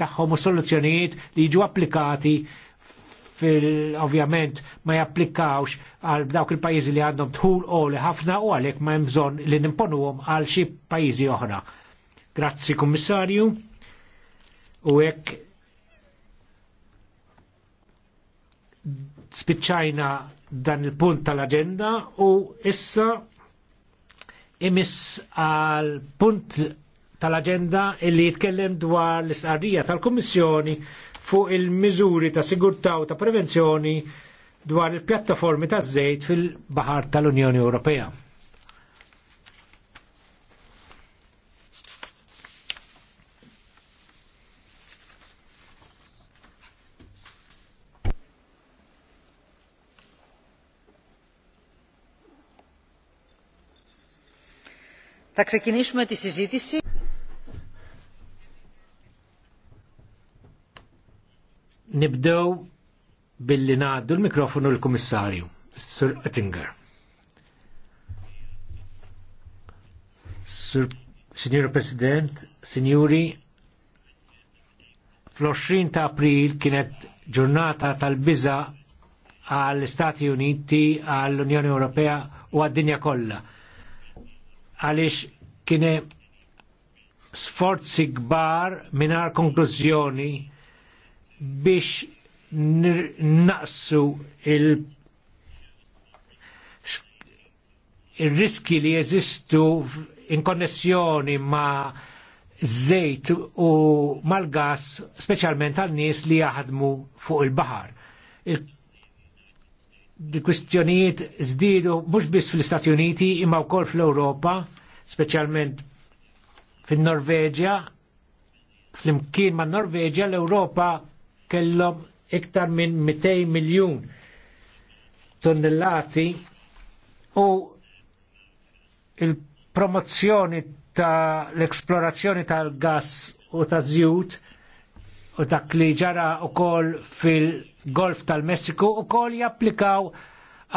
tagħhom u soluzzjonijiet li jiġu applikati fil-ovvjament ma japplikawx għal dawk il-pajjiżi li għandhom tħul u li ħafna u għalhekk ma hemm bżonn li nimponuhom għal xi pajjiżi oħra. Grazzi Kummissarju u hekk spiċċajna dan il-punt tal-aġenda u issa imis għal punt tal-agenda illi jitkellem dwar l-istqarrija tal-Kummissjoni fuq il-miżuri ta' sigurtà u ta' prevenzjoni dwar il-pjattaformi ta' żejt fil baħar tal-Unjoni Ewropea. Ta' ξεκινήσουμε τη συζήτηση. Nibdew billi ngħaddu l-mikrofonu l-Kummissarju, Sir Oettinger. Sir Signor President, Signori, fl-20 ta' april kienet ġurnata tal biza għall-Istati Uniti, għall-Unjoni Ewropea u għad-dinja kollha. Għaliex kien sforzi kbar mingħajr konklużjoni biex naqsu il- il-riski li jeżistu in konnessjoni ma' żejt u mal-gas, speċjalment għal nies li jaħdmu fuq il-bahar. Il-kwistjonijiet żdiedu mhux biss fl-Istati Uniti imma wkoll fl-Ewropa, speċjalment fin-Norveġja, fl-imkien man-Norveġja l-Ewropa kellhom iktar minn 200 miljun tonnellati u il-promozzjoni ta' l-esplorazzjoni tal-gas u ta' zjut u dak li ġara u kol fil-Golf tal-Messiku u kol japplikaw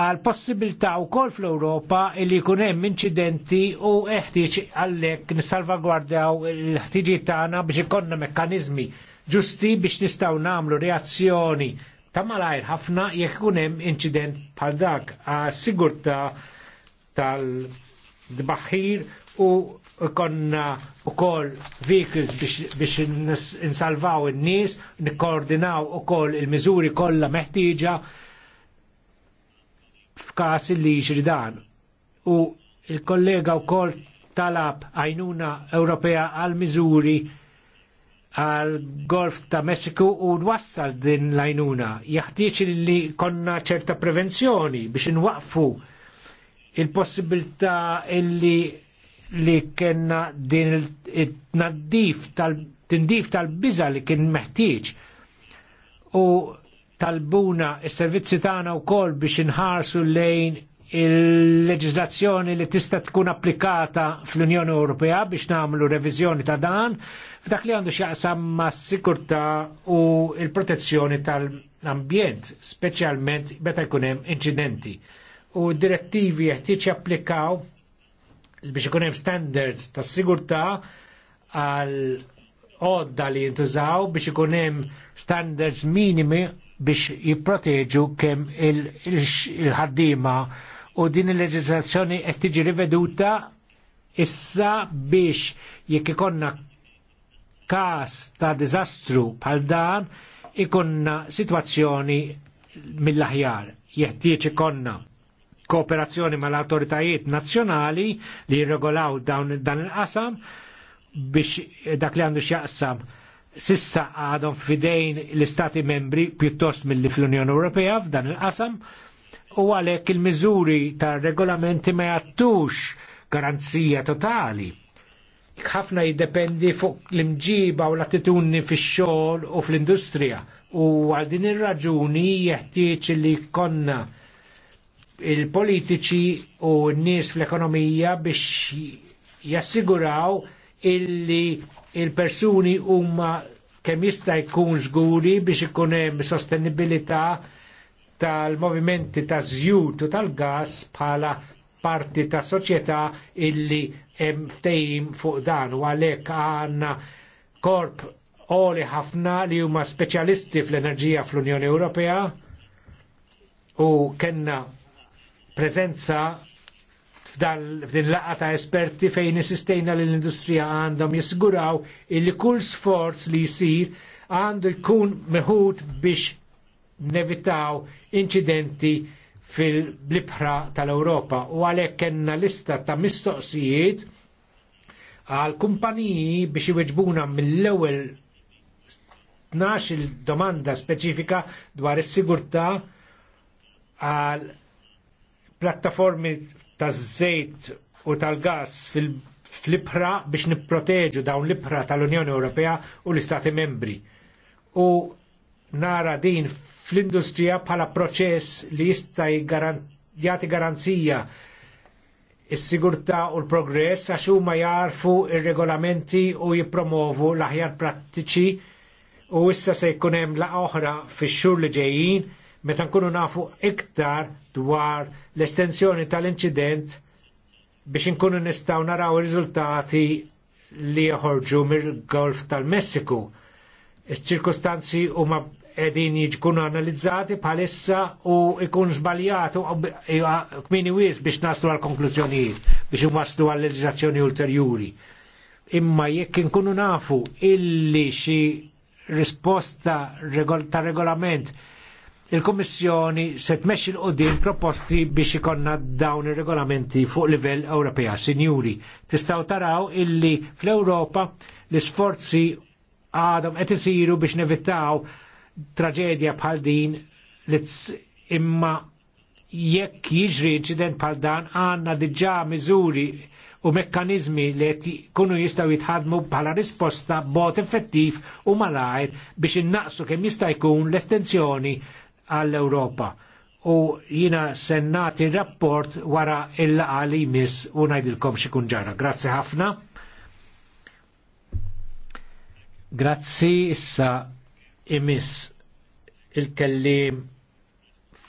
għal possibilità u kol fl-Europa li jkun hemm inċidenti u eħtieġ għallek nissalvagwardjaw il ħtiġijiet tagħna biex ikollna mekkaniżmi ġusti biex nistgħu nagħmlu reazzjoni ta' malajr ħafna jekk ikun hemm incident bħal dak għas sigurtà tal-dbaħħir u konna u koll vehicles biex insalvaw il-nis, nikkoordinaw u koll il-mizuri kolla meħtieġa f'kas li dan. U il-kollega u koll talab għajnuna Ewropea għal-mizuri għal golf ta' Messiku u nwassal din lajnuna. Jaħtieġ li konna ċerta prevenzjoni biex nwaqfu il-possibilità illi li kena din il-tnaddif tal-tindif tal-biza li kien meħtieġ u talbuna il-servizzi tagħna wkoll biex inħarsu lejn il-leġizlazzjoni li tista' tkun applikata fl-Unjoni Ewropea biex nagħmlu reviżjoni ta' dan f'dak li għandu xaqsam ma' sikurta u il-protezzjoni tal-ambjent, specialment meta jkun hemm inċidenti. U direttivi jeħtieġ japplikaw biex ikun hemm standards ta' sigurtà għal odda li jintużaw biex ikun hemm standards minimi biex jipproteġu kemm il-ħaddiema u din il-leġislazzjoni qed tiġi riveduta issa biex jekk ikonna Każ ta' diżastru bħal dan ikonna sitwazzjoni mill-aħjar. Jeħtieġ ikonna kooperazzjoni mal autoritajiet nazzjonali li jirregolaw dan il-qasam biex dak li għandu xjaqsam sissa għadhom fidejn l-istati membri pjuttost mill-li fl-Unjoni Ewropea f'dan il-qasam u għalhekk il-miżuri tar regolamenti ma jattux garanzija totali ħafna jiddependi fuq l-imġiba u l-attitudni fix-xogħol u fl-industrija. U għal din ir-raġuni jeħtieġ li konna il-politiċi u n-nies fl-ekonomija biex jassiguraw illi il-persuni huma kemm jista' jkun żguri biex ikun hemm sostenibilità tal-movimenti ta' żjud u tal-gas bħala parti ta' soċjetà illi hemm ftejim fuq dan u għalhekk għandna korp oli ħafna li huma speċjalisti fl-enerġija fl-Unjoni Ewropea u kenna preżenza f'din laqa ta' esperti fejn isistejna li l-industrija għandhom jisguraw illi kull sforz li jsir għandu jkun meħud biex nevitaw inċidenti fil-blibħra tal-Europa u għalhekk kellna lista ta' mistoqsijiet għal kumpaniji biex iweġbuna mill-ewwel 12 domanda speċifika dwar is-sigurtà għal plattaformi taż-żejt u tal-gas fil libra biex nipproteġu dawn l-ibħra tal-Unjoni Ewropea u l-Istati Membri. U nara din fl-industrija bħala proċess li jista' jagħti garanzija s sigurtà u l-progress għax huma jarfu r regolamenti u jippromovu l-aħjar prattiċi u issa se jkun hemm laqgħa oħra fix-xhur li ġejjin meta nkunu nafu iktar dwar l-estensjoni tal-inċident biex inkunu nistgħu naraw ir-riżultati li joħorġu mill-Golf tal-Messiku. Iċ-ċirkustanzi huma edin jiġkunu analizzati palissa u ikun zbaljat u kmini wis biex naslu għal konklużjonijiet biex waslu għal leġizazzjoni ulterjuri. Imma jekk nkunu nafu illi xi risposta regol ta' regolament il-Kommissjoni se tmexxi il qudiem proposti biex ikonna dawn ir-regolamenti fuq livell Ewropea. Sinjuri, tistgħu taraw illi fl-Ewropa l-isforzi għadhom qed isiru biex nevitaw traġedja bħal din li imma jekk jiġri inċident bħal dan għandna diġà miżuri u mekkaniżmi li qed jkunu jistgħu jitħadmu bħala risposta b'mod effettiv u malajr biex innaqsu kemm jista' jkun l-estensjoni għall-Ewropa. U jina sennati rapport wara il-laqa li jmiss u ngħidilkom xi kun ġara. Grazzi ħafna. Grazzi issa imiss il-kellim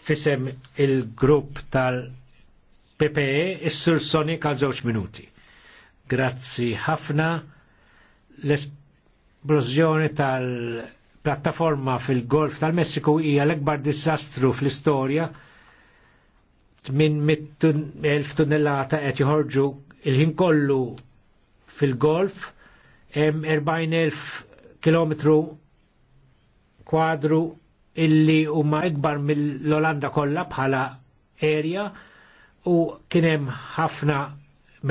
fisem il-grupp tal-PPE is-sur Sonic għal żewġ minuti. Grazzi ħafna l-esplosjoni tal-plattaforma fil-Golf tal-Messiku hija l-ekbar disastru fl-istorja elf tunnellata qed joħorġu il-ħin kollu fil-Golf hemm 40.000 kilometru kwadru illi huma ikbar mill-Olanda kollha bħala area u kien hemm ħafna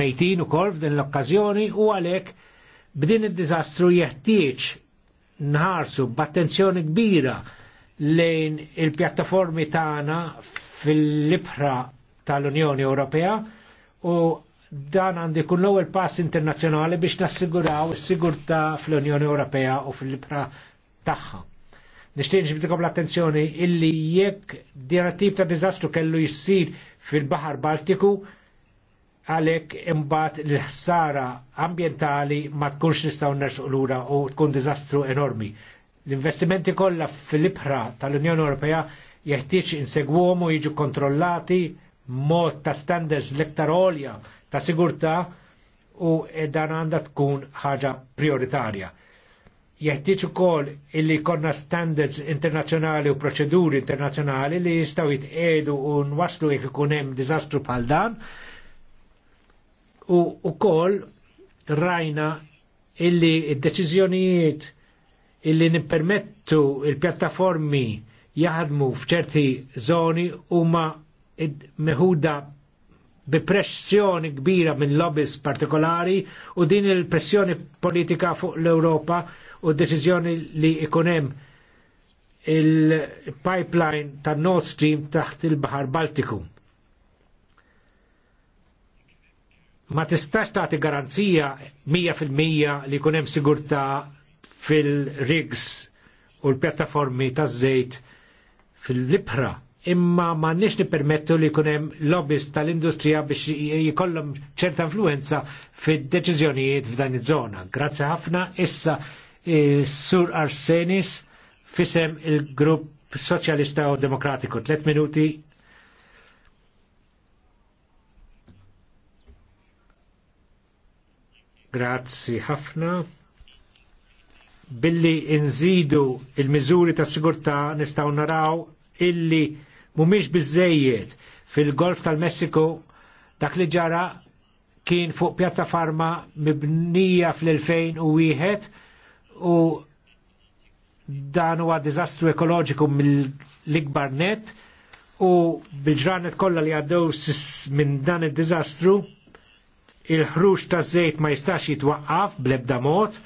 mejtin ukoll f'din l-okkażjoni u għalhekk b'din id-diżastru jeħtieġ nħarsu b'attenzjoni kbira lejn il-pjattaformi tagħna fil-libħra tal-Unjoni Ewropea u dan għandi kun l-ewwel pass internazzjonali biex nassiguraw is-sigurtà fl-Unjoni Ewropea u fil-libħra tagħha. Nishtiq ġibdikom l-attenzjoni illi jekk dina tip ta' dizastru kellu jissir fil-Bahar Baltiku għalek imbat l-ħsara ambientali ma tkunx nistaw nersuqlura u tkun dizastru enormi. L-investimenti kollha fil-ibħra tal-Unjoni Ewropea jeħtieġ insegwhom u jiġu kontrollati mod ta' standards l-iktar olja ta' sigurtà u dan għandha tkun ħaġa prioritarja jeħtieġ kol illi konna standards internazjonali u proċeduri internazjonali li jistgħu jitqiedu u nwaslu jekk ikun hemm diżastru bħal dan. U kol rajna illi id deċizjonijiet illi nipermettu il-pjattaformi jaħdmu f'ċerti zoni u ma meħuda bi pressjoni kbira minn lobbies partikolari u din il-pressjoni politika fuq l-Europa u d-deċiżjoni li ikunem il-pipeline ta' Nord Stream taħt il-Bahar Baltiku. Ma tistax tagħti garanzija 100% li jkun hemm sigurtà fil-rigs u l-pjattaformi taż-żejt fil-libħra imma m'għandniex nippermettu li jkun hemm lobbies tal-industrija biex jkollhom ċerta influenza fid-deċiżjonijiet f'dan iż-żona. Grazzi ħafna issa Sur Arsenis fisem il-Grupp Soċjalista u Demokratiku. Tlet minuti. Grazzi ħafna. Billi inżidu il-miżuri ta' sigurtà nistgħu naraw illi mhumiex biżejjed fil-Golf tal-Messiku dak li ġara kien fuq pjattaforma mibnija fl-2001 u dan huwa diżastru ekoloġiku mill-ikbar net u bil-ġranet kollha li għaddew minn dan id-diżastru il-ħruġ ta' żejt ma jistax jitwaqqaf bl-ebda mod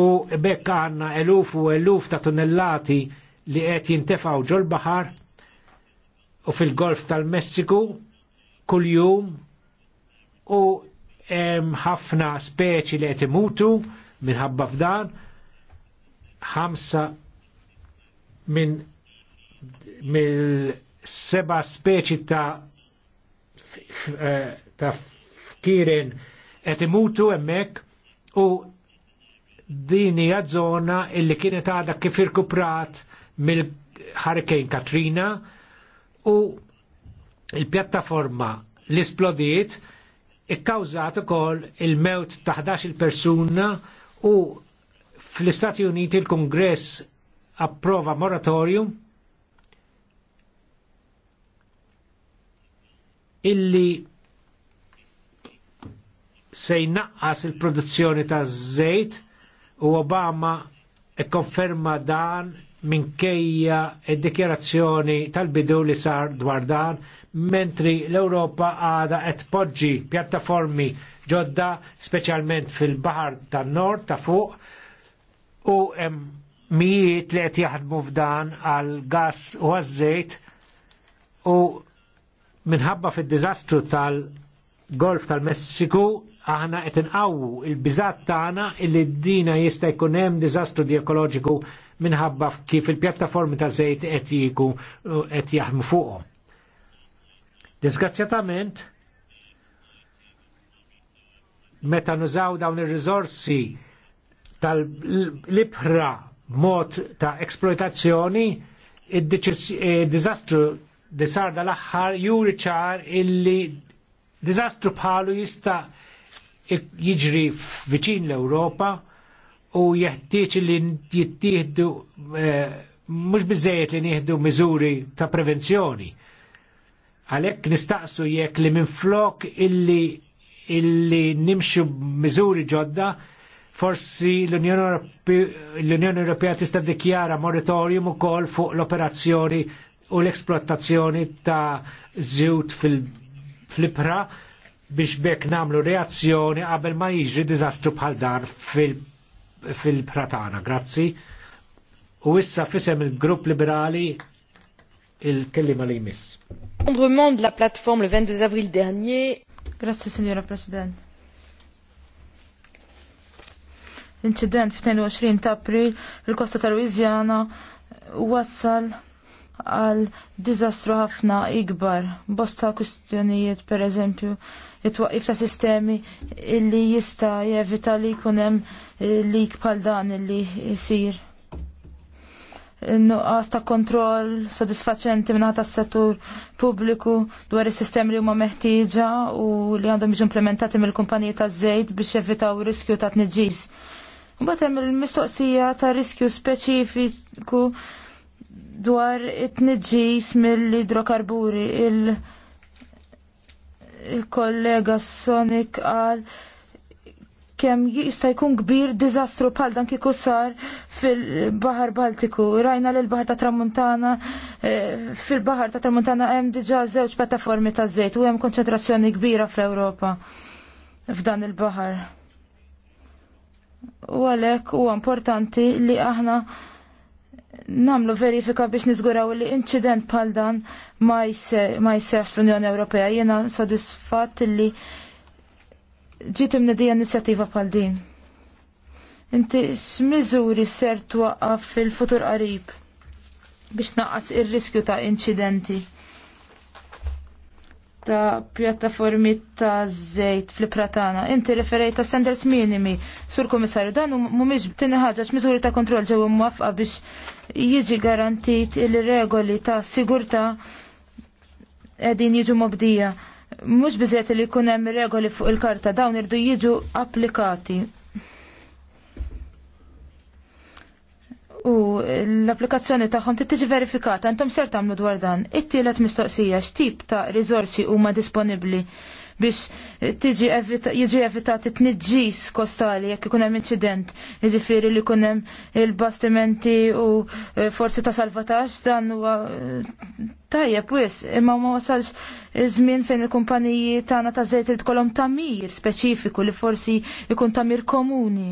u bekk għandna eluf u eluf ta' tunnellati li qed jintefgħu ġol baħar u fil-Golf tal-Messiku kuljum u hemm ħafna speċi li qed imutu Minħabba f'dan, ħamsa minn mill-seba speċi ta' eh, ta' kiren qed imutu hemmhekk u din hija żona illi kienet għadha kif irkuprat mill-Hurricane Katrina u il-pjattaforma l-isplodiet ikkawżat ukoll il-mewt ta' 11 persuna U fl-Istati Uniti il-Kongress approva moratorium illi se jnaqqas il-produzzjoni ta' żejt u Obama ikkonferma dan minkejja e dikjerazzjoni tal-bidu li sar dwar dan mentri l-Europa għada qed poġġi pjattaformi ġodda speċjalment fil-Bahar tan-Nord ta' fuq u hemm mijiet li qed jaħdmu f'dan għal gas u għaż u minħabba fid-diżastru tal-Golf tal-Messiku aħna qed inqawwu il-biżat tagħna illi d-dina jista' jkun hemm diżastru di ekoloġiku minħabba kif il-pjattaformi ta' żejt qed jiku qed jaħdmu fuqhom Disgrazzjatament, meta nużaw dawn ir-riżorsi tal libra mod ta' eksploitazzjoni, id-dizastru eh, di sarda l aħħar juri ċar illi dizastru bħalu jista' jiġri viċin l-Ewropa u jeħtieġ li jittieħdu eh, mhux biżejjed li nieħdu miżuri ta' prevenzjoni Għalhekk nistaqsu jekk li minflok illi illi nimxu miżuri ġodda forsi l-Unjoni Ewropea tista' ddikjara moratorium ukoll fuq l-operazzjoni u l-esplottazzjoni ta' żewt fil-ibra biex bekk namlu reazzjoni qabel ma jiġri diżastru bħal dar fil-pratana. Grazzi. U issa fisem il-grupp liberali il-kellima li jmiss. L'effondrement de la plateforme le 22 avril dernier. Grazie, signora President. L-incident f-22 ta' april il-kosta ta' Louisiana wassal għal dizastru ħafna ikbar. Bosta kustjonijiet, per eżempju, it ta' sistemi illi jista' jevita li kunem li bħal dan illi jisir nuqqas ta' kontroll sodisfaċenti minna ta' settur pubbliku dwar is-sistemi li huma meħtieġa u li għandhom jiġu implementati mill-kumpaniji ta' żejt biex jevitaw riskju ta' tniġġis. Mbagħad hemm il-mistoqsija ta' riskju speċifiku dwar it-tniġġis mill-idrokarburi il-kollega Sonic qal kemm jista' jkun kbir diżastru bħal dan kieku sar fil-Baħar Baltiku. Rajna l baħar ta' Tramuntana, eh, fil-Baħar ta' Tramuntana hemm diġà żewġ pjattaformi ta' żejt u hemm konċentrazzjoni kbira fl-Ewropa f'dan il-baħar. U għalhekk huwa importanti li aħna namlu verifika biex nizguraw li incident bħal dan ma jsefx fl-Unjoni Ewropea. Jiena sodisfatt li ġiet imnedija inizjattiva bħal din. Inti x'miżuri ser twaqqaf fil-futur qarib biex naqqas ir-riskju ta' inċidenti ta' pjattaformi ta' żejt fil pratana Inti referej ta' standards minimi sur komissarju dan mhumiex mumiex tini ħagġa ta' kontroll ġew mwafqa biex jiġi garantit il-regoli ta' sigurta' edin jiġu mobdija mhux biżiet li jkun hemm regoli fuq il-karta dawn irdu jiġu applikati. U l-applikazzjoni tagħhom tiġi verifikata, intom ser tagħmlu dwar dan. It-tielet mistoqsija x'tip ta' riżorsi huma disponibbli biex tiġi jiġi evitat it-nġis kostali jekk ikun hemm inċident, jiġifieri li jkun hemm il-bastimenti u e, forsi ta' salvataġġ dan huwa e, tajjeb wis, imma ma wasalx iż żmien fejn il-kumpaniji tagħna ta' żejt tkollhom tamir speċifiku li forsi jkun tamir komuni.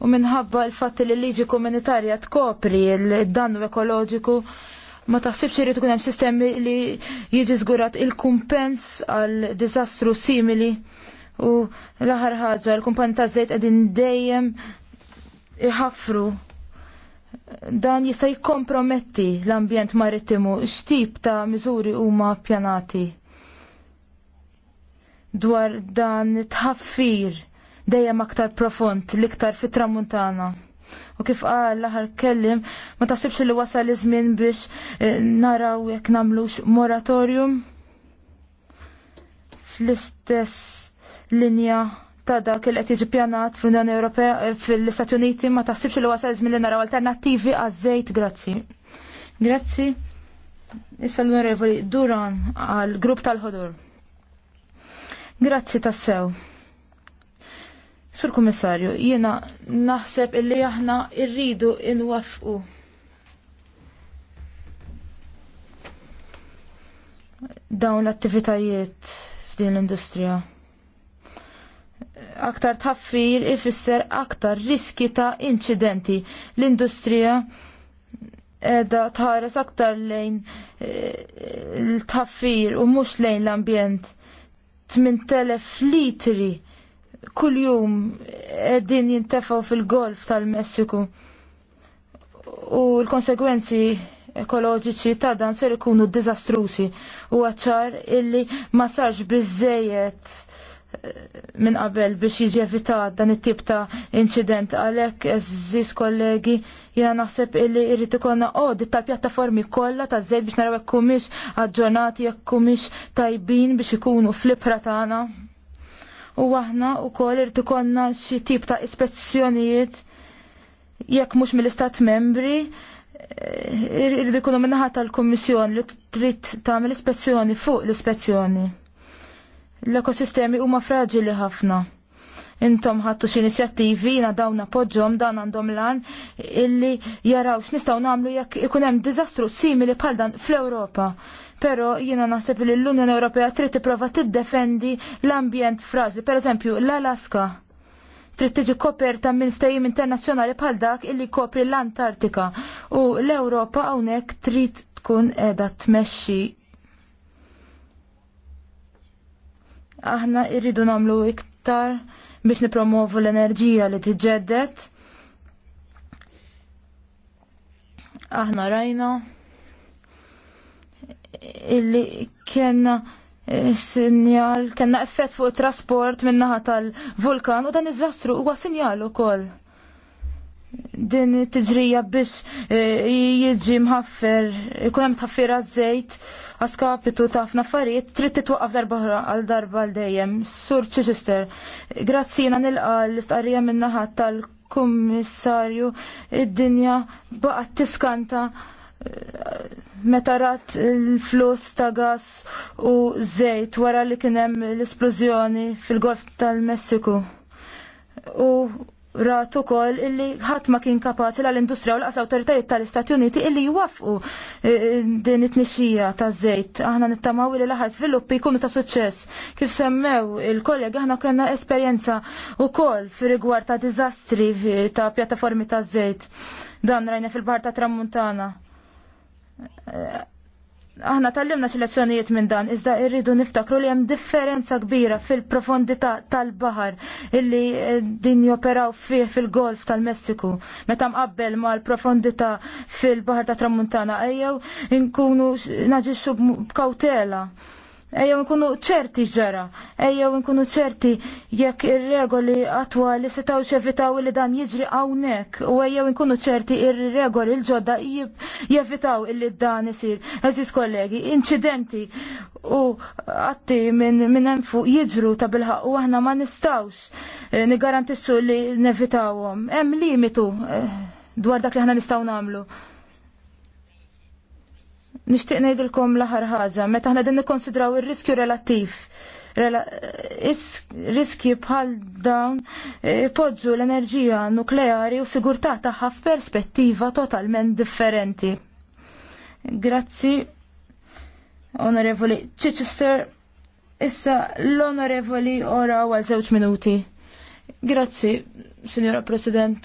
U minħabba l-fatt li l-liġi komunitarja tkopri l-dannu ekoloġiku Ma taħsibx irid ikun hemm sistemi li jiġi żgurat il-kumpens għal diżastru simili u l-aħħar ħaġa l-kumpani taż-żejt qegħdin dejjem iħaffru. dan jista' jikkomprometti l-ambjent marittimu x'tip ta' miżuri huma ppjanati dwar dan it tħaffir dejjem aktar profond l-iktar fit-tramuntana. U kif qal l-aħar kellim, ma taħsibx li wasal iż-żmien biex eh, naraw jekk nagħmlux moratorium fl-istess linja ta' dak li qed jiġi pjanat fl-Unjoni Ewropea eh, fl-Istati Uniti ma taħsibx li wasal iż-żmien li naraw alternattivi għaż-żejt grazzi. Grazzi. Issa l-Onorevoli Duran għal grupp tal-ħodur. Grazzi tassew. Sur Kummissarju, jiena naħseb illi aħna irridu inwaffqu dawn l-attivitajiet f'din l-industrija. Aktar tħaffir ifisser aktar riski ta' incidenti. L-industrija edha tħares aktar lejn eh, l-tħaffir u mhux lejn l-ambjent. 8000 litri Kull jum din jintefaw fil-golf tal-Messiku u l-konsekwenzi ekoloġiċi ta' dan ser ikunu dizastrusi u għacċar illi ma sarx bizzejet eh, minn qabel biex jiġi evitat dan it-tip ta' incident għalek eżis kollegi jena naħseb illi irrit ikonna audit tal-pjattaformi kollha ta' żejt biex naraw jekk kumiex aġġornati jekk kumiex tajbin biex ikunu fl-ibra tagħna u aħna wkoll irid ikollna xi tip ta' ispezzjonijiet jekk mhux mill-istat membri eh, irridu ikunu minnaħa tal-Kummissjoni li trid tagħmel ispezzjoni fuq l-ispezzjoni. L-ekosistemi huma fraġili ħafna intom ħattu inizjattivi na dawn appoġġhom dan għandhom lan illi jaraw x'nistgħu nagħmlu jekk ikun hemm diżastru simili bħal dan fl-Ewropa. Però jiena naħseb li l-Unjoni Ewropea trid tipprova tiddefendi l-ambjent frażli, pereżempju l-Alaska trid tiġi koperta minn ftehim internazzjonali bħal dak illi kopri l-Antartika u l-Ewropa hawnhekk trid tkun qiegħda tmexxi aħna irridu nagħmlu iktar biex nipromovu l-enerġija li tiġġedded. Aħna rajna illi kena eh, sinjal, kena effett fuq trasport minnaħa tal-vulkan u dan iż-żastru huwa sinjal ukoll. Din tiġrija biex eh, jiġi mħaffer, ikun hemm tħaffira żejt għaskapitu taf ħafna affarijiet trid titwaqqaf darba għal darba għal dejjem. Sur Chichester, grazzina nil-għal l-istqarrija min-naħa tal-kummissarju id-dinja baqat tiskanta eh, meta rat il-flus ta' gas u żejt wara li kien hemm l-esplużjoni fil-Golf tal-Messiku. U rat ukoll illi ħadd ma kien kapaċi l industrija u l-qas awtoritajiet tal-Istati Uniti illi jwaffqu eh, din it-tnixxija taż-żejt. Aħna nittamaw li l-aħħar sviluppi jkunu ta' suċċess. Kif semmew il-kollega aħna kellna esperjenza wkoll fir rigward ta' diżastri ta' pjattaformi taż-żejt. Dan rajna fil-Bar ta' Tramuntana eh, Aħna tallimna xi lezzjonijiet minn dan, iżda irridu niftakru li hemm differenza kbira fil-profondità tal-baħar illi eh, din joperaw fih fil-Golf tal-Messiku. Meta mqabbel ma l-profondità fil-baħar ta' Tramuntana ejjew inkunu naġixxu b'kawtela. Ejjew nkunu ċerti ġara, ejjew nkunu ċerti jekk ir-regoli li setaw xevitaw li dan jiġri hawnhekk u ejjew nkunu ċerti ir-regoli l-ġodda jevitaw li dan isir. Eżis kollegi, incidenti u għatti minn min hemm fuq jiġru ta' bilħaq u aħna ma nistawx eh, nigarantissu li nevitawom. Hemm limitu eh, dwar dak li aħna nistgħu nagħmlu. Nixtieq ngħidilkom l-aħħar ħaġa, meta aħna din nikonsidraw ir-riskju relattiv. Riskju bħal dawn eh, podġu l-enerġija nukleari u sigurtà tagħha f'perspettiva totalment differenti. Grazzi, Onorevoli Chichester. Issa l-Onorevoli ora għal żewġ minuti. Grazzi, Signora President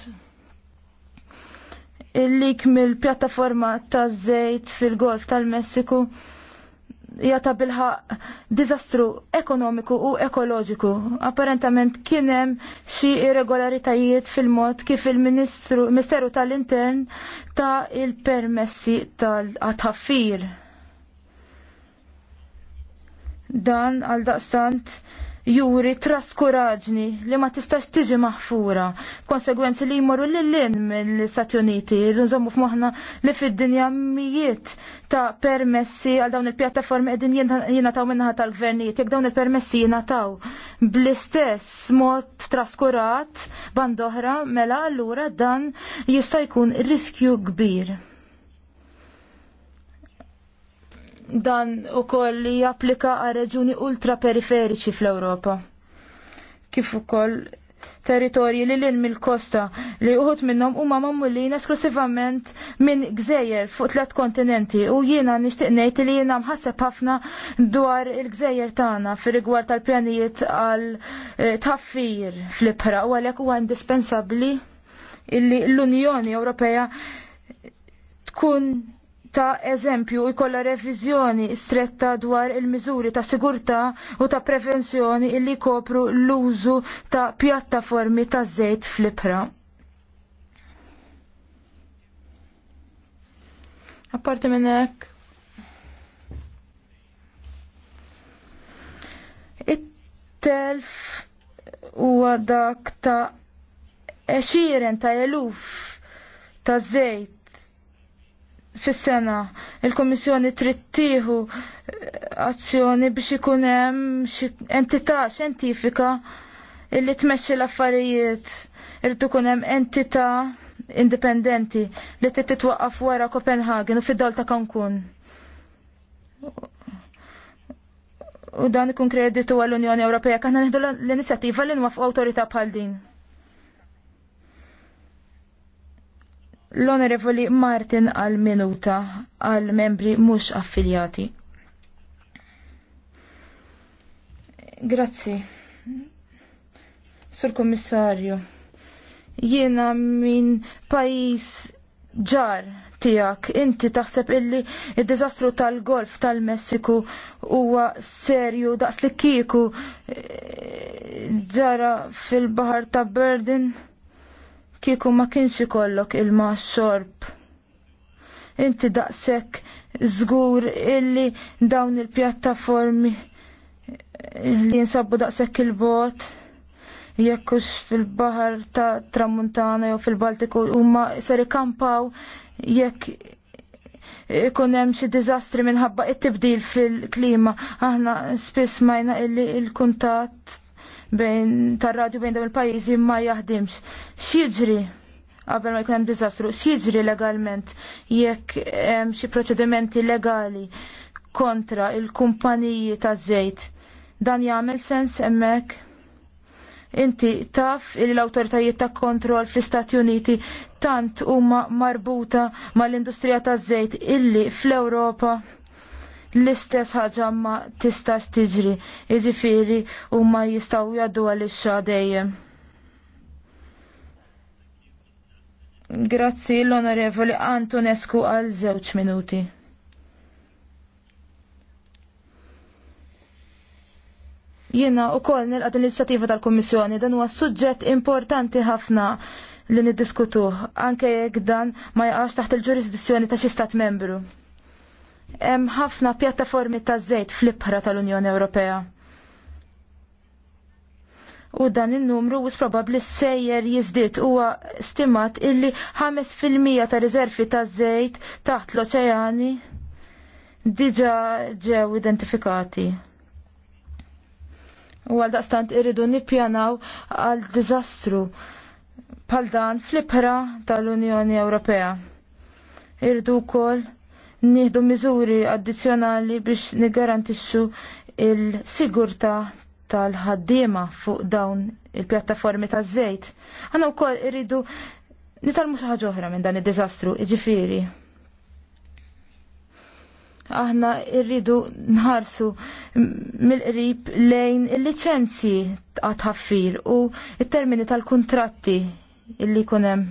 il-lik mill-pjattaforma ta' żejt fil-Golf tal-Messiku jata bilħa dizastru diżastru ekonomiku u ekoloġiku. Apparentament kien hemm xi irregolaritajiet fil-mod kif il-Ministru Ministeru tal-Intern ta' il-permessi tal-tħaffir. Dan għal daqstant juri traskuraġni li ma tistax tiġi maħfura. Konsegwenzi li jmorru l-lin mill-Stati Uniti, nżommu f'moħna li fid-dinja mijiet ta' permessi għal dawn il-pjattaformi għedin jina taw minnaħa tal-gvernijiet, jek dawn il-permessi jina taw bl-istess mod traskurat bandoħra mela allura dan jista' jkun riskju kbir. dan ukoll li japplika għal reġuni ultraperiferiċi fl-Ewropa. Kif ukoll territorji li l-in mil kosta li uħut minnom u ma mamullin esklusivament minn gżejjer fuq tlet kontinenti u jiena nishtiqnejt li jina mħasseb ħafna dwar il-gżejjer tagħna fir rigward tal-pjanijiet għal eh, taffir fl-ibħra u għalhekk huwa indispensabbli illi l-Unjoni Ewropea tkun ta' eżempju jkollha reviżjoni stretta dwar il-miżuri ta' sigurtà u ta' prevenzjoni illi kopru l-użu ta' pjattaformi ta' żejt fl-ibra. Apparti minn hekk. It-telf huwa dak ta' eċiren ta' eluf ta' żejt fis-sena il-Kommissjoni trid tieħu eh, azzjoni biex ikun hemm xi entità xjentifika illi tmexxi l-affarijiet irid ikun hemm entità indipendenti li trid titwaqqaf wara Copenhagen u fid-dawl ta' Cancun. U dan ikun kreditu għall-Unjoni Ewropea kaħna neħdu l-inizjattiva li nwafqu awtorità bħal din. l-Onorevoli Martin għal minuta għal membri mhux affiljati. Grazzi. Sur Kommissarju, jiena minn pajis ġar tijak, inti taħseb illi il-dizastru tal-golf tal-Messiku huwa serju daqs li kiku eh, ġara fil-bahar ta' Berdin kieku ma kienx ikollok ilma xorb. Inti daqsek żgur illi dawn il-pjattaformi li jinsabu daqsek il-bot jekkux fil-bahar ta' Tramuntana jew fil-Baltiku huma ser ikampaw jekk ikun hemm xi diżastri minħabba t tibdil fil-klima. Aħna spiss majna illi il-kuntatt bejn tar-radju bejn dawn il-pajjiżi ma jaħdimx. X'jiġri qabel ma jkun hemm diżastru, x'jiġri legalment jekk hemm xi proċedimenti legali kontra il-kumpaniji taż-żejt. Dan jagħmel sens hemmhekk? Inti taf li l-awtoritajiet ta' kontroll fl-Istati Uniti tant huma marbuta mal-industrija taż-żejt illi fl-Ewropa l-istess ħaġa ma tistax tiġri, jiġifieri huma jistgħu jaddu għal-ixxa dejjem. Grazzi l-Onorevoli Antonescu għal żewġ minuti. Jiena u koll nil-għad l-inizjattiva tal-Kommissjoni dan huwa suġġett importanti ħafna li niddiskutuh anke jekk dan ma jgħax taħt il-ġurisdizzjoni ta' xi stat membru hemm ħafna pjattaformi ta' żejt fl-ibħra tal-Unjoni Ewropea. U dan in-numru wis probabbli sejjer jiżdied huwa stimat illi 5% ta' riżervi ta' żejt taħt l-oċeani diġa ġew identifikati. U għal daqstant irridu nippjanaw għal diżastru bħal dan fl-ibħra tal-Unjoni Ewropea. Irridu wkoll nieħdu miżuri addizzjonali biex niggarantixxu il-sigurtà tal-ħaddiema fuq dawn il-pjattaformi taż-żejt. Aħna wkoll iridu nitalmu xi ħaġa oħra minn dan id-diżastru, jiġifieri. Aħna rridu nħarsu mill-qrib lejn il-liċenzji għat-ħaffir u il-termini tal-kontratti illi kunem.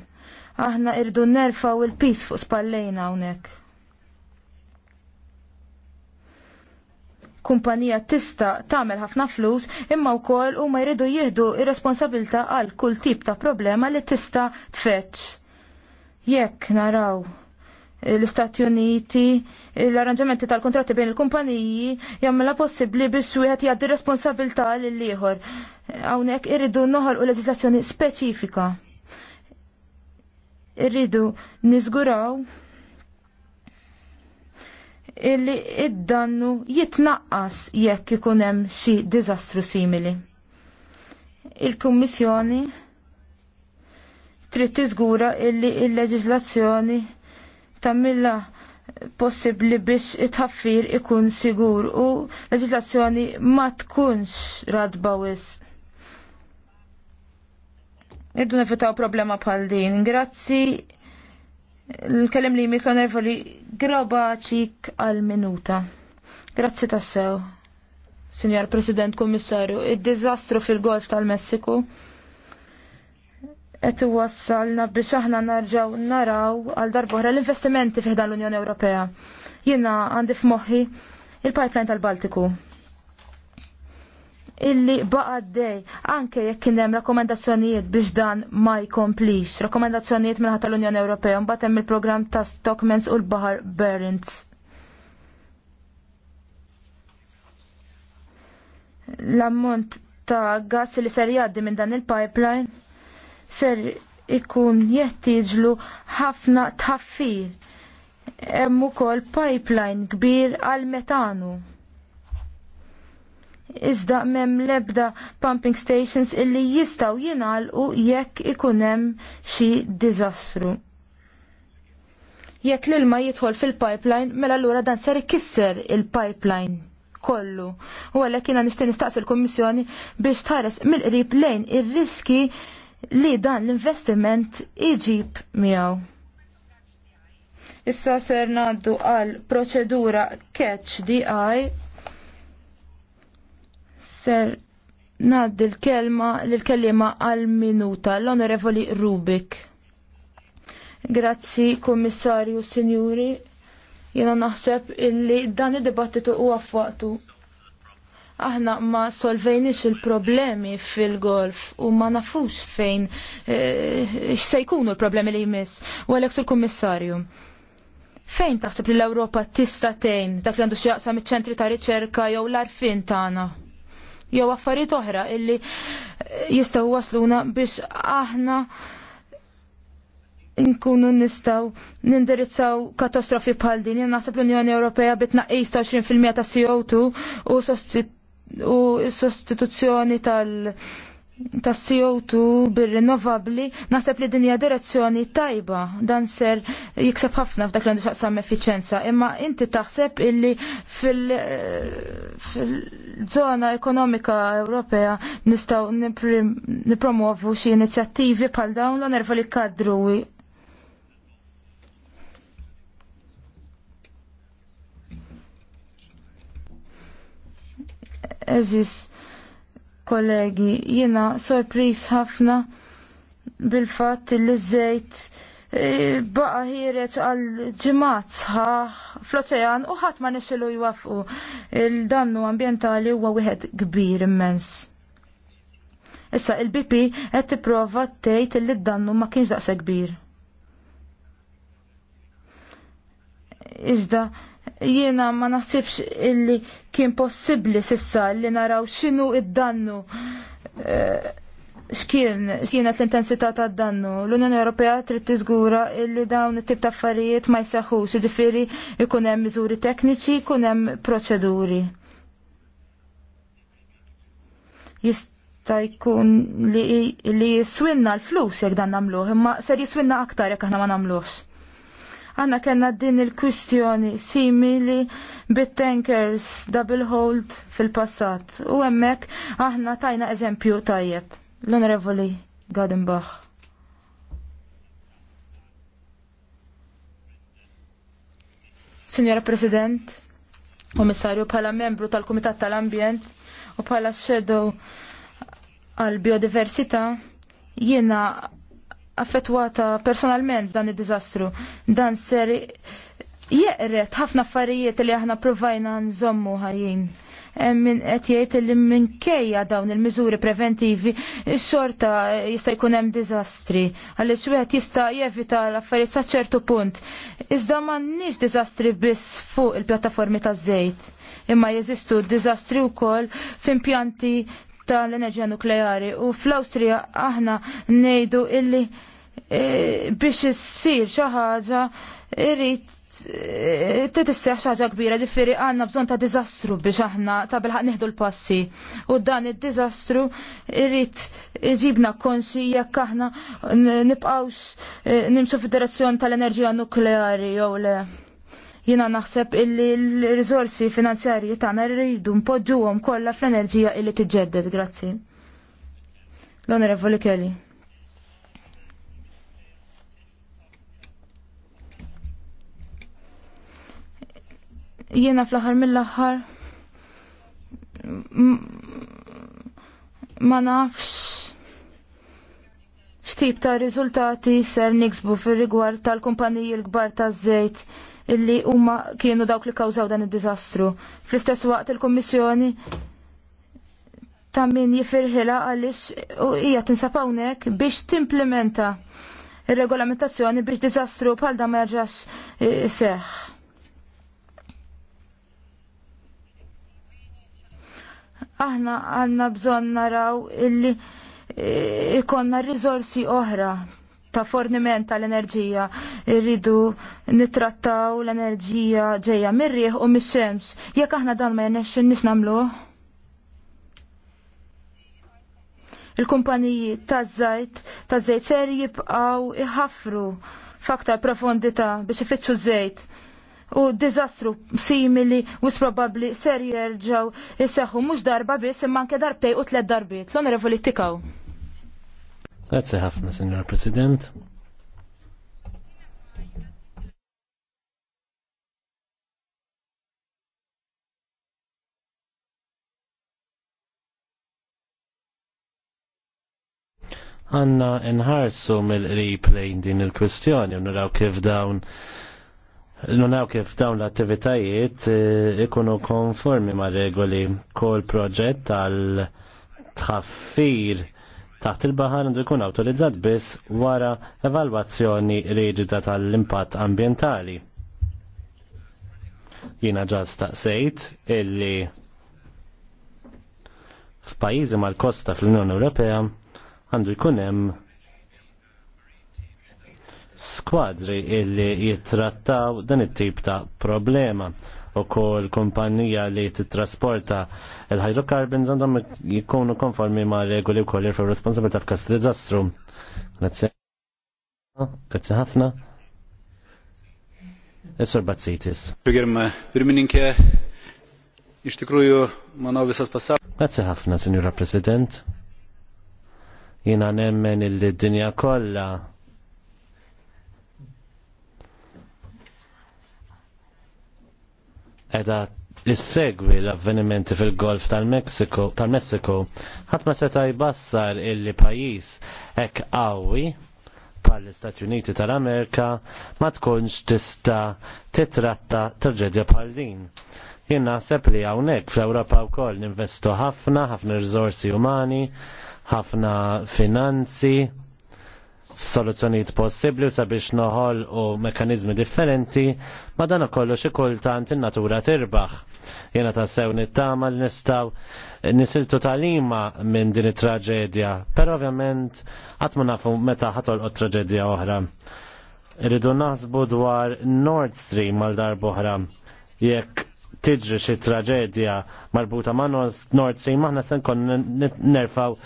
Aħna irridu nerfaw il-pis fuq spallejna hawnhekk. kumpanija tista tagħmel ħafna flus imma wkoll huma jridu jieħdu r responsabilità għal kull tip ta' problema li tista tfetx. Jekk naraw l-Istati Uniti, l-arranġamenti tal-kontratti bejn il-kumpaniji jammela possibbli biex wieħed jgħaddi responsabilità lil ieħor. Hawnhekk irridu noħolqu leġislazzjoni speċifika. Irridu niżguraw illi id-dannu jitnaqqas jekk ikun hemm xi diżastru simili. Il-Kummissjoni trid tiżgura illi il-leġiżlazzjoni tagħmilha possibbli biex it-ħaffir ikun sigur u leġiżlazzjoni ma tkunx radba wisq. Irdu nefitaw problema bħal din. Grazzi Nkellem li mis graba ċik għal-minuta. Grazzi tassew, Sinjar President Kommissarju, id-dizastru fil-Golf tal-Messiku u wassalna biex aħna narġaw naraw għal darbohra l-investimenti fiħdan l-Unjoni Ewropea. Jiena għandi f'moħħi il-pipeline tal-Baltiku illi baqa' dej anke jekk kien hemm rakkomandazzjonijiet biex dan ma jkomplix, rakomendazzjonijiet minn tal-Unjoni Ewropea mbagħad hemm il-programm ta' Stockmans u l-Baħar Berends. L-ammont ta' gas li ser jgħaddi minn dan il-pipeline ser ikun jeħtieġlu ħafna tħaffir hemm ukoll pipeline kbir għal metanu iżda mem lebda pumping stations illi jistaw jingħalqu jekk ikunem xi dizastru. Jekk l-ilma jidħol fil-pipeline, mela allura dan ser ikisser il-pipeline kollu. U għalhekk jiena nixtieq nistaqsi l-Kummissjoni biex tħares mill-qrib lejn ir-riski li dan l-investiment iġib miegħu. Issa ser naddu għal proċedura catch DI Ser nad l-kelma l-kelima għal-minuta l-Onorevoli Rubik. Grazzi, Kommissarju, Sinjuri. Jena naħseb illi dan id-dibattitu huwa f'waqtu aħna ma solvejnix il-problemi fil-golf u ma nafux fejn x'se eh, jkunu l-problemi li jmiss. U għalek sul-kummissarju. Fejn taħseb li l-Ewropa tista' tgħin dak li għandu xi jaqsam iċ-ċentri ta' riċerka jew l-arfin tagħna? jew affarijiet oħra illi eh, jistgħu wasluna biex aħna nkunu nistaw nindirizzaw katastrofi bħal din. Jien naħseb l-Unjoni Ewropea bitnaqqis ta' 20% ta' CO2 u, u sostituzzjoni tal- tas CO2 bir renovabli naħseb li dinja direzzjoni tajba, dan ser jikseb ħafna f'dak l-għandu xaqsam effiċenza, imma inti taħseb illi fil-zona fil ekonomika Ewropea nistaw nipromovu xi inizjattivi pal dawn l-onerva li kadruwi. Eżist, kollegi, jiena sorpris ħafna bil-fatt li żejt e, baqa ħiret għal ġimat sħaħ fl-oċean u ħadd ma nixilu jwafqu. Il-dannu ambjentali huwa wieħed kbir immens. Issa il-BP qed tipprova tgħid li d-dannu ma kienx daqshekk kbir. Iżda jiena ma naħsibx illi kien possibbli sissa li naraw x'inhu id-dannu eh, xkien, xkienet l-intensità ta' dannu. L-Unjoni Ewropea trid tiżgura illi dawn it-tip ta' affarijiet ma jseħħux, jiġifieri jkun hemm miżuri tekniċi, jkun hemm proċeduri. Jista' jkun li, li jiswinna l-flus jekk dan nagħmluh, imma ser jiswinna aktar jekk aħna ma nagħmluhx. Għanna kena din il-kwistjoni simili bit-tankers double hold fil-passat. U emmek aħna tajna eżempju tajjeb. L-Onorevoli Gadenbach. Signora President, Komissarju, bħala membru tal-Kumitat tal-Ambjent u bħala xedu għal biodiversità jiena affettwata personalment dan id-dizastru. Dan ser jeqret ħafna affarijiet li aħna provajna nżommu ħajjin. Eh, min qed jgħid li minkejja dawn il-miżuri preventivi, x-xorta jista' jkun hemm diżastri. Għaliex wieħed jista' jevita l-affarijiet sa ċertu punt. Iżda m'għandniex diżastri biss fuq il-pjattaformi taż-żejt. Imma jeżistu diżastri wkoll f'impjanti tal-enerġija nukleari u fl-Awstrija aħna ngħidu illi e, biex issir xi ħaġa irrid e, titisseħ ħaġa kbira ġifieri għandna bżonn ta' diżastru biex aħna ta' bilħaq nieħdu l-passi. U dan id-diżastru irrid iġibna konsi jekk aħna nibqgħux e, nimxu fid-direzzjoni tal-enerġija nukleari jew le. Jina naħseb illi l-rizorsi finanzjarji tagħna rridu npoġġuhom kollha fl-enerġija illi tiġġedded, grazzi. L-Onorevoli Kelly. Jiena fl-aħħar mill-aħħar ma nafx x'tip ta' riżultati ser niksbu fir-rigward tal-kumpaniji l-kbar taż-żejt illi huma kienu dawk li kawżaw dan id-diżastru. Fl-istess waqt il-Kommissjoni ta' min jifirħila għaliex hija tinsab hawnhekk biex timplementa ir-regolamentazzjoni biex diżastru bħal da ma jarġax eh, seħħ. Aħna għandna bżonn naraw illi eh, ikonna rizorsi oħra ta' forniment tal-enerġija. Irridu nitrattaw l-enerġija ġejja mir u mix-xemx. Jekk aħna dan ma nix namlu? Il-kumpaniji taż żejt taż-żejt ser jibqgħu iħafru f'aktar profondità biex ifittxu żejt u dizastru simili u probabli ser jerġgħu jisseħu mux darba biss imma anke darbtej u tlet darbiet. L-onorevoli tikaw. Grazie ħafna, Signor President. għanna nħarsu mill replay din il-kwistjoni, naraw kif dawn Nunaw kif dawn l-attivitajiet eh, ikunu konformi ma' regoli kol proġett tal tħaffir taħt il-baħar għandu jkun awtorizzat biss wara evalwazzjoni riġida tal-impatt ambjentali. Jiena ġa staqsejt illi f'pajjiżi mal-kosta fl-Unjoni Ewropea għandu jkun hemm skwadri illi jittrattaw dan it-tip ta' problema u kol kumpanija li t-trasporta il-hydrocarbons għandhom jikunu konformi ma regoli u kol jirfu responsabilta f'kas dizastru. Grazie. Grazie ħafna. Esor Bazzitis. Pigirma, pirmininke, ixtikruju ma novi sas Grazie ħafna, Signora President. Jina nemmen il-dinja kolla edha issegwi l-avvenimenti fil-golf tal-Messiko tal-Messiko ħadd ma seta jbassar illi pajjiż hekk qawwi bħall istati Uniti tal-Amerika ma tkunx tista titratta traġedja bħal din. Jien naħseb li hawnhekk fl-Ewropa wkoll ninvestu ħafna, ħafna riżorsi umani, ħafna finanzi, soluzzjonijiet possibbli sabiex noħol u mekanizmi differenti, ma dan kollu xi kultant in-natura tirbaħ. Jiena tassew nittama li nistgħu nisiltu talima minn din it-traġedja, però ovvjament qatt ma nafu meta ħatolqot traġedja oħra. Irridu naħsbu dwar Nord Stream għal darb oħra. Jekk tiġri xi traġedja marbuta ma' Nord Stream aħna se nkun nerfaw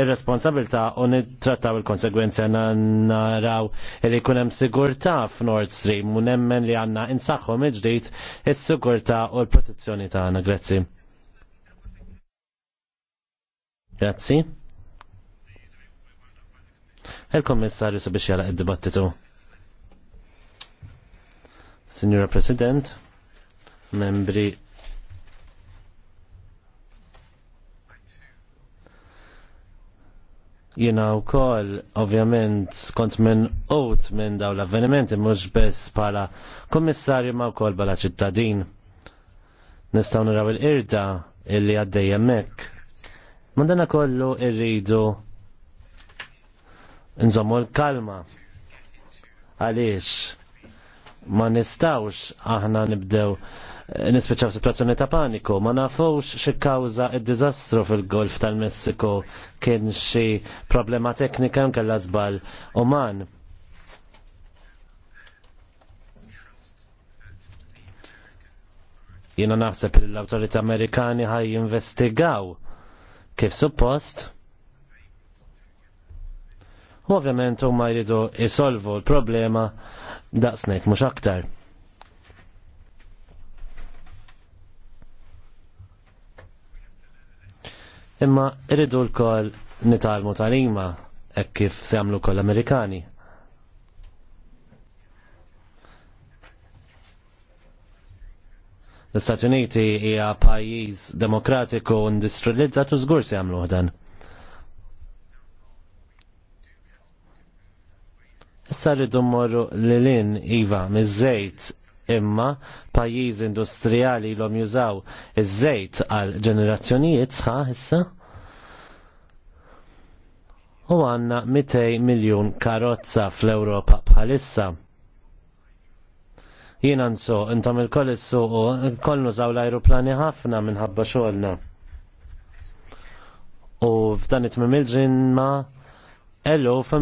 ir-responsabilità u nittrattaw il-konsegwenzi naraw li jkun hemm sigurtà f'Nord Stream u nemmen li għandna insaħħhom il ġdid is-sigurtà u l-protezzjoni tagħna. Grazzi. Grazzi. Il-Kommissarju sabiex jara id-dibattitu. Signora President, membri jina u kol, ovvjament, kont minn out minn daw l-avvenimenti, mux bess pala kommissarju ma u kol bala ċittadin. Nistaw naraw il-irda illi għaddej jemmek. Mandana kollu irridu nżommu l-kalma. Għalix, ma nistawx aħna nibdew nispiċaw situazzjoni ta' paniku. Ma nafux xi kawża il diżastru fil-Golf tal-Messiku kien xi problema teknika jew kellha żball oman. Jiena naħseb li l-awtorità Amerikani ħaj jinvestigaw kif suppost. U ovvjament huma jridu jisolvu l-problema daqsnek mhux aktar. Imma irridu l-kol nitalmu tal-ima ek kif samlu kol Amerikani. L-Istati Uniti hija pajjiż demokratiku industrializzat u żgur se jagħmlu dan. Issa rridu mmorru lilin iva miż-żejt imma pajjiżi industrijali l-om jużaw iż-żejt għal ġenerazzjonijiet sħaħ issa u għanna 200 miljon karozza fl-Europa bħalissa. Jina nsu, intom il-koll issu u kollu zaw l-aeroplani ħafna minħabba xolna. U f'dan it mimilġin il-ġinma eluf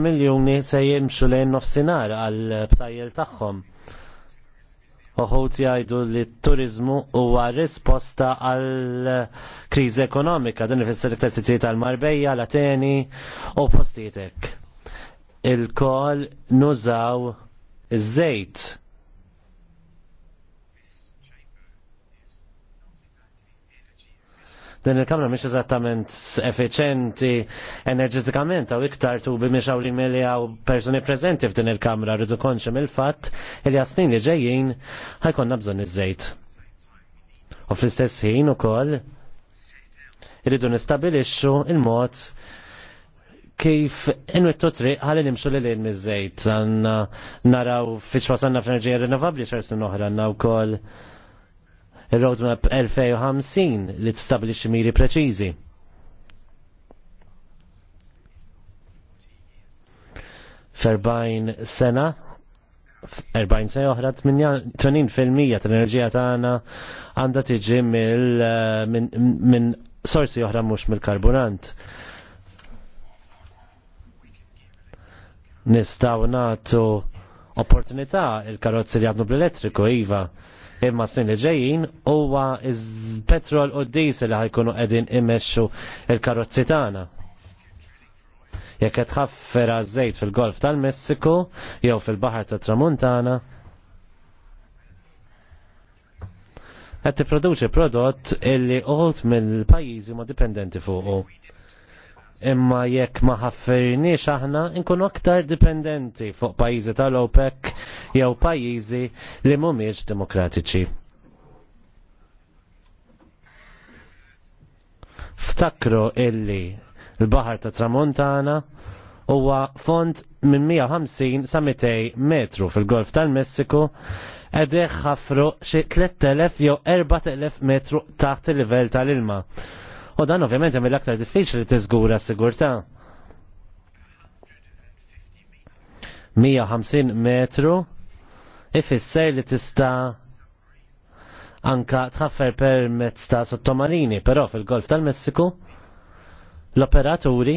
se jimxu lejn nofsinar għal btajjel tagħhom. Uħut jgħidu li t-turizmu huwa risposta għal kriżi ekonomika, din ifisser it-tertiti għal marbejja l-Ateni u postietek. Il-kol nużaw iż-żejt din il-kamra mhix eżattament effiċenti enerġetikament għaw iktar tubi bi għaw li meli persuni preżenti f'din il-kamra rridu konxem il-fatt il jasnin li ġejjin ħajkonna bżonn iż-żejt. U fl-istess ħin ukoll irridu nistabilixxu il-mod kif inwittu triq ħalli nimxu li lejn miż-żejt għandna naraw fiċ wasanna f'enerġija rinnovabbli ċersin oħra għandna wkoll il-roadmap 2050 li tstabilixxi miri preċiżi. Ferbajn sena, erbajn sena oħra, 80% tal-enerġija tagħna għandha tiġi eh, minn sorsi oħra mhux mill-karburant. Nistgħu nagħtu opportunità il-karozzi li għadnu bl-elettriku, iva, imma snin li ġejjin huwa petrol u diesel li ħajkunu qegħdin immexxu il-karozzi tagħna. Jekk qed tħaffera żejt fil-Golf tal-Messiku jew fil-Baħar tat-Tramuntana, qed tipproduċi prodott illi uħut mill-pajjiżi huma dipendenti fuqu imma jekk ma ħaffirniex aħna nkunu aktar dipendenti fuq pajjiżi tal-OPEC jew pajjiżi li mhumiex demokratiċi. Ftakru illi l-Baħar ta' Tramontana huwa font minn 150 sa 200 metru fil-Golf tal-Messiku edeħ ħafru xi 3000 jew 4000 metru taħt il-livell tal-ilma. tal ilma U dan ovvjament hemm aktar diffiċli tiżgura s-sigurtà. 150 metru ifisser li tista' anka tħaffer permezz ta' sottomarini, però fil-Golf tal-Messiku l-operaturi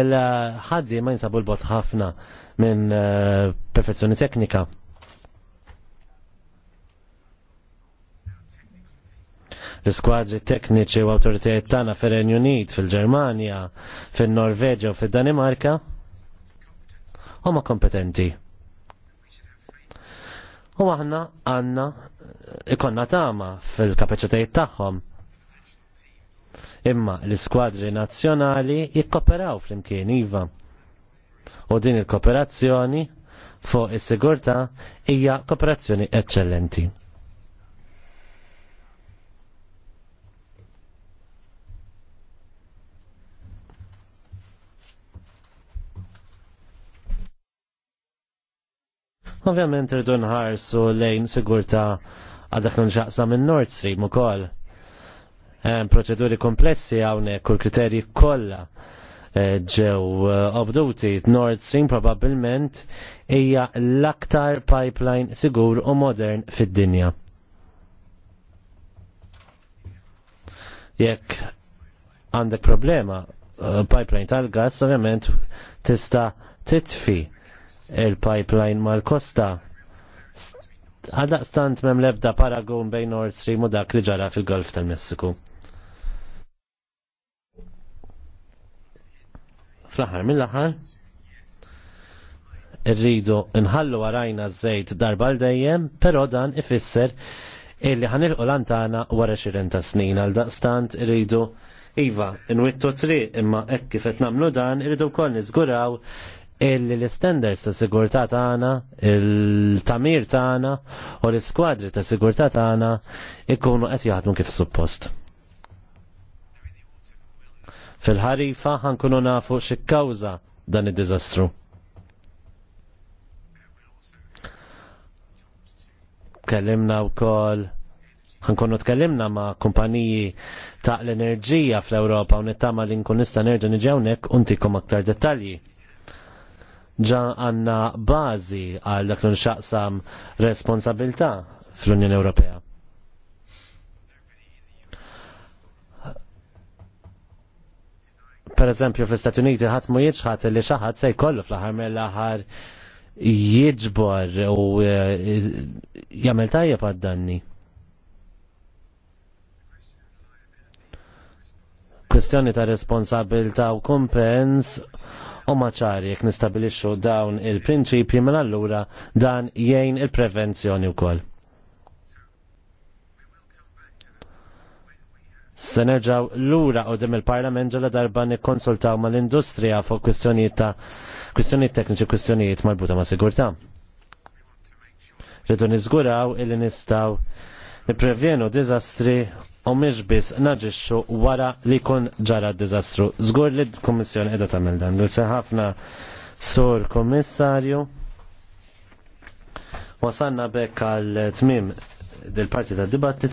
il-ħaddi ma jinsabu l-bot ħafna minn eh, perfezzjoni teknika. l-skwadri tekniċi u autoritajiet tagħna fir-Renju Unit, fil-Ġermanja, fin-Norveġja u fid-Danimarka huma kompetenti. U aħna għanna ikonna tama fil-kapaċitajiet tagħhom. Imma l-iskwadri nazzjonali jikkoperaw fl-imkien iva. U din il-kooperazzjoni fuq is-sigurta hija kooperazzjoni eċċellenti. Ovvjament irdu nħarsu lejn sigurta għad dak nġaqsa minn Nord Stream ukoll. proċeduri komplessi hawnhekk u kriterji kollha eh, ġew eh, obduti. Nord Stream probabbilment hija l-aktar pipeline sigur u modern fid-dinja. Jekk għandek problema, eh, pipeline tal-gas ovvjament tista' titfi il-pipeline mal-kosta. Għadaq stant mem lebda paragon bejn Nord Stream u dak li ġara fil-Golf tal-Messiku. Fl-aħħar mill-aħħar irridu nħallu għarajna żejt darba darbal dejjem pero dan ifisser illi ħanilqu lantana wara xirin ta' snin għal daqstant irridu Iva, nwittu tri imma ekki kif qed nagħmlu dan irridu wkoll niżguraw Il l-standards ta' sigurtà tagħna, il-tamir tagħna u l-iskwadri ta' sigurtà tagħna ikunu qed jaħdmu kif suppost. Fil-ħarifa ħankunu nafu kawża dan id-diżastru. Tkellimna wkoll ħankunu tkellimna ma' kumpaniji ta' l-enerġija fl-Ewropa u nittama li nkun nista' nerġa' niġewnek untikom aktar dettalji ġa għanna bazi għal dak l-nxaqsam responsabilta fl-Unjoni Ewropea. Per eżempju, fl-Istati Uniti ħadd mu jieġħat li xi ħadd se jkollu fl-aħħar mill-aħħar jiġbor u eh, jagħmel tajjeb għad-danni. Kwestjoni ta' responsabilta u kompens u maċari jek nistabilixxu dawn il-prinċipji minn mela allura dan jgħin il-prevenzjoni wkoll. Se nerġaw lura u dim il-parlament ġala darba nikkonsultaw mal-industrija fuq kwistjonijiet ta' kwistjonijiet tekniċi kwistjonijiet marbuta ma' sigurtà. Rridu niżguraw il nistgħu nipprevjenu diżastri u mhix biss naġixxu wara li jkun ġara d-diżastru. Żgur li l-Kummissjoni qiegħda tagħmel dan. Lil ħafna sur Kommissarju. Wasanna bekk għal tmim del-parti tad dibattit